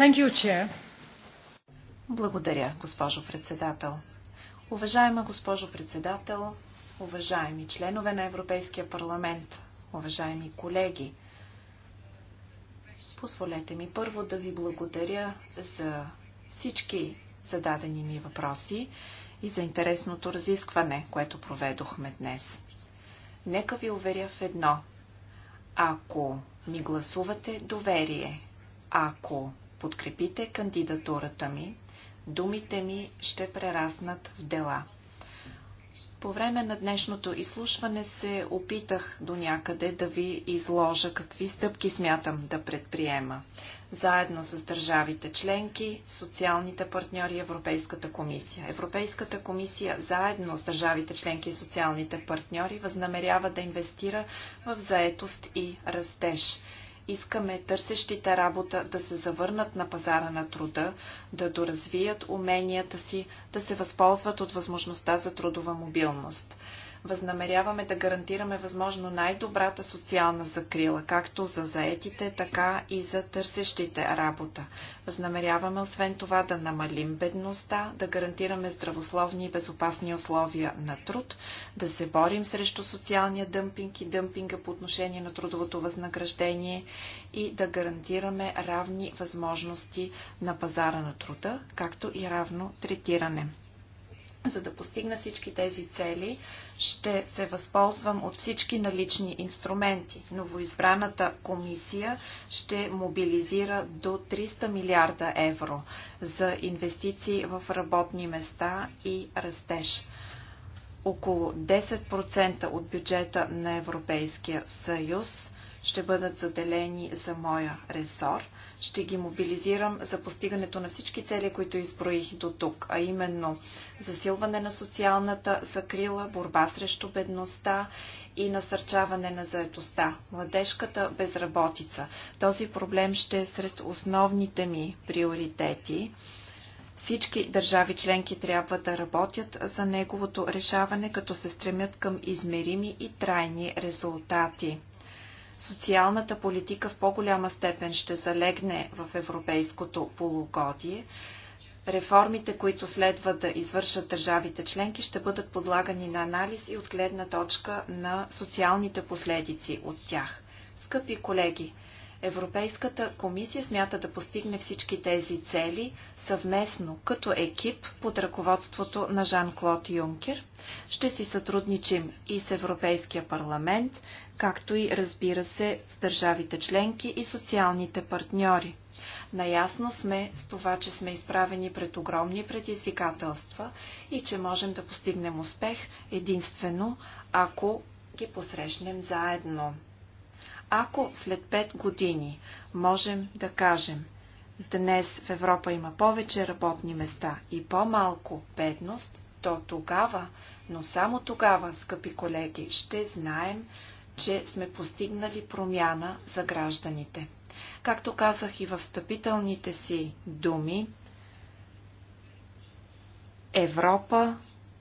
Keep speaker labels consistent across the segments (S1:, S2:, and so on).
S1: Thank you, chair. Благодаря, госпожо председател. Уважаема госпожо председател, уважаеми членове на Европейския парламент, уважаеми колеги, позволете ми първо да ви благодаря за всички зададени ми въпроси и за интересното разискване, което проведохме днес. Нека ви уверя в едно. Ако ми гласувате доверие, ако подкрепите кандидатурата ми, думите ми ще прераснат в дела. По време на днешното изслушване се опитах до някъде да ви изложа какви стъпки смятам да предприема. Заедно с държавите членки, социалните партньори и Европейската комисия. Европейската комисия заедно с държавите членки и социалните партньори възнамерява да инвестира в заетост и растеж. Искаме търсещите работа да се завърнат на пазара на труда, да доразвият уменията си, да се възползват от възможността за трудова мобилност. Възнамеряваме да гарантираме възможно най-добрата социална закрила, както за заетите, така и за търсещите работа. Възнамеряваме освен това да намалим бедността, да гарантираме здравословни и безопасни условия на труд, да се борим срещу социалния дъмпинг и дъмпинга по отношение на трудовото възнаграждение и да гарантираме равни възможности на пазара на труда, както и равно третиране. За да постигна всички тези цели, ще се възползвам от всички налични инструменти. Новоизбраната комисия ще мобилизира до 300 милиарда евро за инвестиции в работни места и растеж. Около 10% от бюджета на Европейския съюз ще бъдат заделени за моя ресор – ще ги мобилизирам за постигането на всички цели, които изброих до тук, а именно засилване на социалната закрила, борба срещу бедността и насърчаване на заетостта, младежката безработица. Този проблем ще е сред основните ми приоритети. Всички държави членки трябва да работят за неговото решаване, като се стремят към измерими и трайни резултати. Социалната политика в по-голяма степен ще залегне в европейското полугодие. Реформите, които следва да извършат държавите членки, ще бъдат подлагани на анализ и от гледна точка на социалните последици от тях. Скъпи колеги, Европейската комисия смята да постигне всички тези цели съвместно като екип под ръководството на Жан-Клод Юнкер. Ще си сътрудничим и с Европейския парламент, както и разбира се с държавите членки и социалните партньори. Наясно сме с това, че сме изправени пред огромни предизвикателства и че можем да постигнем успех единствено, ако ги посрещнем заедно. Ако след пет години можем да кажем, днес в Европа има повече работни места и по-малко бедност, то тогава, но само тогава, скъпи колеги, ще знаем, че сме постигнали промяна за гражданите. Както казах и в встъпителните си думи, Европа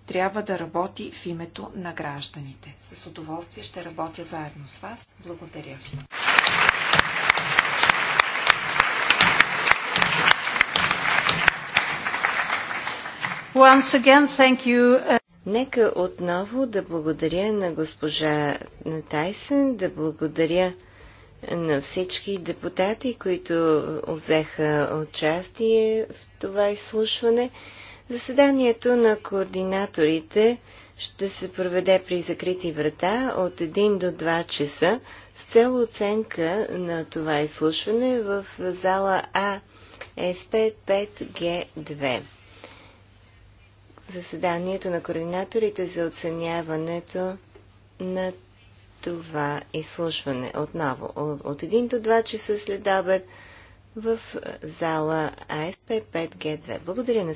S1: трябва да работи в името на гражданите. С удоволствие ще работя заедно с вас. Благодаря ви.
S2: Once again, thank you. Uh, Нека отново да благодаря на госпожа Натайсен. да благодаря на всички депутати, които взеха участие в това изслушване. Заседанието на координаторите ще се проведе при закрити врата от 1 до 2 часа с цел оценка на това изслушване в зала А СП 5 г 2 Заседанието на координаторите за оценяването на това изслушване отново от 1 до 2 часа след обед в зала АСП 5G2. Благодаря на